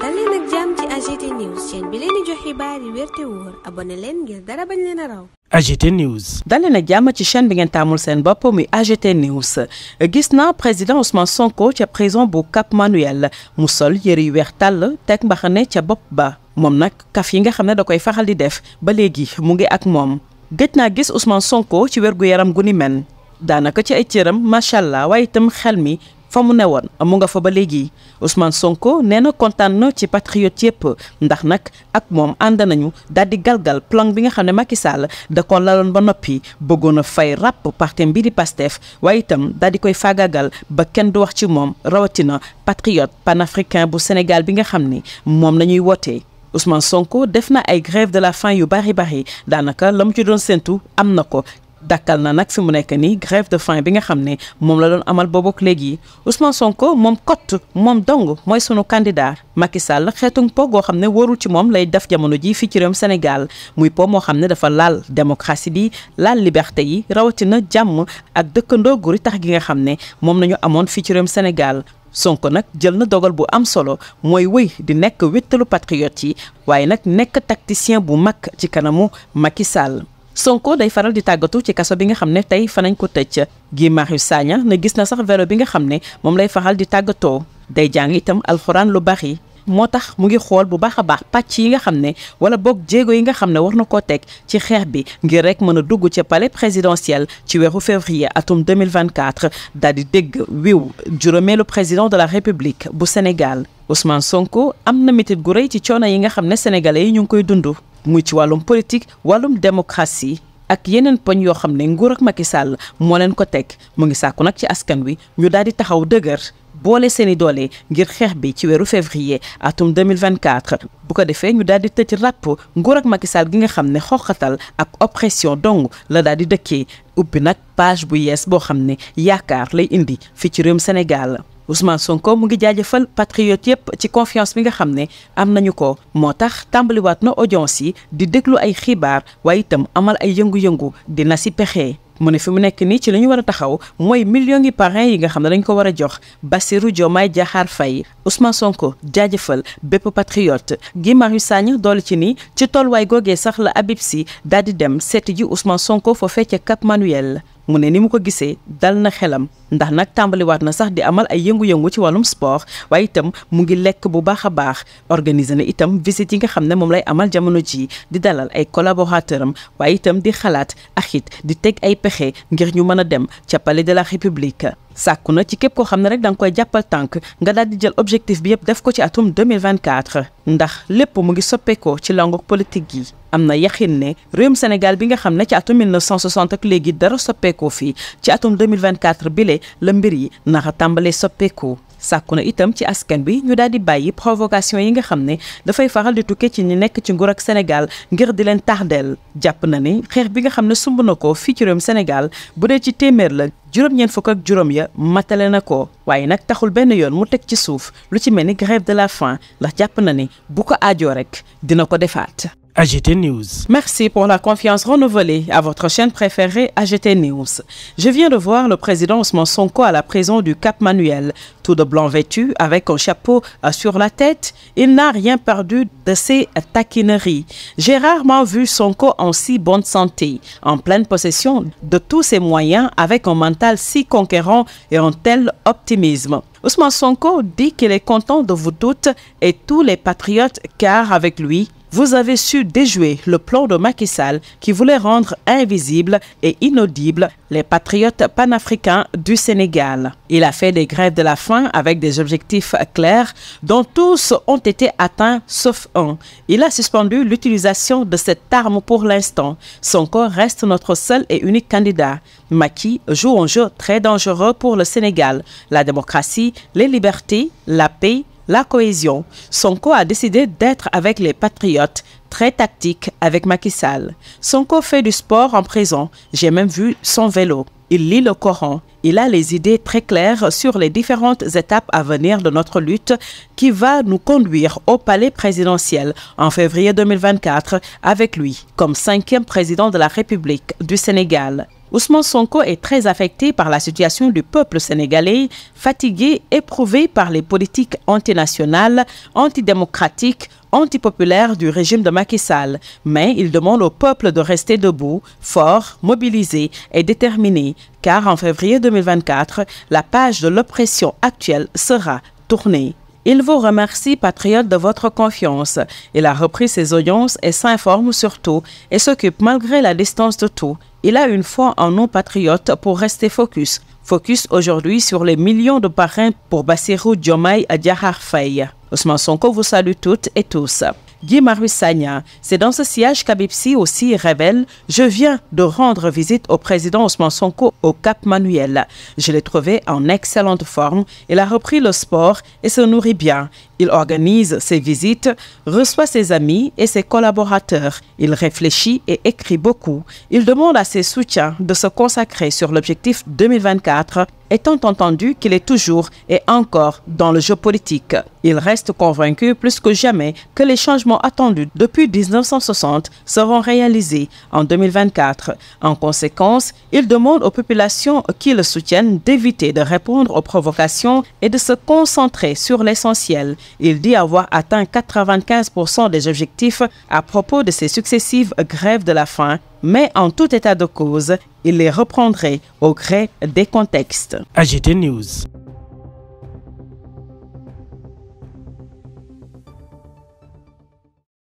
dal leen ak jàmm ci AGT News chaîne bi leen di jox xibaar yi wér leen ngir dara bañ leen a raw. AGT News. dalee na jàmm ci chaîne bi ngeen taamul seen bopp muy AGT News gis naa président Ousmane Sonko ca prison bu Cap Manuel mu sol yëre yu weex tàll teg mbaxane ca bopp ba moom nag kaf yi nga xam ne da koy faxal di def ba léegi mu ngi ak moom gëj naa gis Ousmane Sonko ci wér gu yaram gu ni men daanaka ci ay cëram macha allah waaye itam xel mi fa mu woon mu nga fa ba léegi Ousmane Sonko nee na kontaan na ci patriote yëpp ndax nag ak moom ànd nañu daal di galgal plan bi nga xam ne Macky Sall da ko laloon ba noppi bëggoon a fay ràpp parti bi di Pastef waaye itam daal di koy faagaagal ba kenn du wax ci moom rawatina patriote panafricain bu Sénégal bi nga xam ni moom la ñuy wootee. Ousmane Sonko def na ay grève de la faim yu bari bari daanaka la mu ci doon séntu am na ko dakkal na nag si mu nekk nii grève de faim bi nga xam ne moom la doon amal boobook léegi Ousmane Sonko moom kott moom dong mooy sunu candidat Macky Sall xeetu po goo xam ne warul ci moom lay def jamono ji fii ci réewum Sénégal muy po moo xam ne dafa laal démocratie bi laal liberté yi rawatina jàmm ak dëkkandoo guri tax gi nga xam ne moom nañu amoon fii ci réewum Sénégal Sonko nag jël na dogal bu am solo mooy wëy di nekk wéttalu patriot yi waaye nag nekk tacticien bu mag ci kanamu Macky Sonko day faral di tàggatu ci kaso bi nga xam ne tey fanañ ko tëj Guy Marius Sagna na gis na sax vélo bi nga xam ne moom lay faral di tàggatoo day jàng itam alxuraan lu bari moo tax mu ngi xool bu baax a baax pàcc yi nga xam ne wala boog jéego yi nga xam ne war na koo teg ci xeex bi ngir rek mën a dugg ci palais présidentiel ci weeru février atum 2024 daal di dégg wiw juróomeelu président de la république bu Sénégal Ousmane Sonko am na métit gu rëy ci coono yi nga ne sénégalais yi ñu ngi koy dund. muy ci wàllum politique wàllum démocratie ak yeneen poñ yoo xam ne nguur ak Macky Sall moo leen ko teg mu ngi sàkku nag ci askan wi ñu daal di taxaw dëgër boole seeni doole ngir xeex bi ci weeru février atum 2024 bu ko defee ñu daal di tëj ràpp nguur ak Macky Sall gi nga xam ne xoqatal ak oppression dong la daal di dëkkee ubbi nag page bu yees boo xam ne yaakaar lay indi fi ci réewum Sénégal Ousmane Sonko mu ngi jaajëfal patriote yëpp ci confiance bi nga xam ne am nañu ko moo tax tàmbaliwaat na audience yi di déglu ay xibaar waaye itam amal ay yëngu-yëngu dina si pexe. mu ne fi mu nekk nii ci lañu war a taxaw mooy million ngi parrains yi nga xam ne dañ ko war a jox Bassirou Diomaye jaxaar fay Ousmane Sonko jaajëfal bépp patriote Guy Marius Sagna doole ci ni ci tolluwaay googee sax la Habib si daal di dem seeti ji Ousmane Sonko foofee ca Cap Manuel mu ne ni mu ko gisee dal na xelam ndax nag tàmbaliwaat na sax di amal ay yëngu-yëngu ci wàllum sport waaye itam mu ngi lekk bu baax a baax organiser na itam visite yi nga xam ne moom lay amal jamono ji di dalal ay collaborateur am waaye itam di xalaat ak di teg ay pexe ngir ñu mën a dem ca palais de la république sàkku na ci képp koo xam ne rek da nga koy jàppal tànk nga daal di jël objectif bi yëpp def ko ci atum mil 2024 ndax lépp mu ngi soppeekoo ci langu politique yi am na yaxin ne réewum Sénégal bi nga xam ne ci atum 1960 ak léegi dara soppeekoo fi ci atum vingt quatre bile la mbir yi naxa tàmbalee soppeekoo sàkku na itam ci askan bi ñu daal di bàyyi provocation yi nga xam ne dafay faral di tukkee ci ñi nekk ci nguur ak Sénégal ngir di leen tardeel jàpp na ni xeex bi nga xam ne sumb na ko fii ci réewum Sénégal bu dee ci téeméer la juróom-ñeent fukk ak juróom ya matale na ko waaye nag taxul benn yoon mu teg ci suuf lu ci mel ni grève de la faim ndax jàpp na ni bu ko aajoo rek dina ko defaat. AGT News. Merci pour la confiance renouvelée à votre chaîne préférée AGT News. Je viens de voir le président Ousmane Sonko à la prison du Cap Manuel, tout de blanc vêtu avec un chapeau euh, sur la tête. Il n'a rien perdu de ses taquineries. J'ai rarement vu Sonko en si bonne santé, en pleine possession de tous ses moyens avec un mental si conquérant et un tel optimisme. Ousmane Sonko dit qu'il est content de vous toutes et tous les patriotes car avec lui, Vous avez su déjouer le plan de Macky Sall qui voulait rendre invisibles et inaudibles les patriotes panafricains du Sénégal. Il a fait des grèves de la faim avec des objectifs clairs dont tous ont été atteints sauf un. Il a suspendu l'utilisation de cette arme pour l'instant. Son corps reste notre seul et unique candidat. Macky joue un jeu très dangereux pour le Sénégal, la démocratie, les libertés, la paix la cohésion, Sonko a décidé d'être avec les patriotes, très tactique avec Macky Sall. Sonko fait du sport en prison, j'ai même vu son vélo. Il lit le Coran. Il a les idées très claires sur les différentes étapes à venir de notre lutte qui va nous conduire au palais présidentiel en février 2024 avec lui comme cinquième président de la République du Sénégal. Ousmane Sonko est très affecté par la situation du peuple sénégalais, fatigué, éprouvé par les politiques antinationales, antidémocratiques, antipopulaire du régime de Macky Sall, mais il demande au peuple de rester debout, fort, mobilisé et déterminé, car en février 2024, la page de l'oppression actuelle sera tournée. Il vous remercie, patriote, de votre confiance. Il a repris ses audiences et s'informe surtout et s'occupe malgré la distance de tout. il a une foi en nos patriotes pour rester focus. Focus aujourd'hui sur les millions de parrains pour Bassirou Diomaye à Faye. Ousmane Sonko vous salue toutes et tous. Guy Marius Sagna. C'est dans ce sillage qu'Abipsi aussi révèle « Je viens de rendre visite au président Ousmane Sonko au Cap Manuel. Je l'ai trouvé en excellente forme. Il a repris le sport et se nourrit bien. Il organise ses visites, reçoit ses amis et ses collaborateurs. Il réfléchit et écrit beaucoup. Il demande à ses soutiens de se consacrer sur l'objectif 2024 étant entendu qu'il est toujours et encore dans le jeu politique. Il reste convaincu plus que jamais que les changements attendus depuis 1960 seront réalisés en 2024. En conséquence, il demande aux populations qui le soutiennent d'éviter de répondre aux provocations et de se concentrer sur l'essentiel. Il dit avoir atteint 95% des objectifs à propos de ses successives grèves de la faim mais en tout état de cause, il les reprendrait au gré des contextes. AGT News.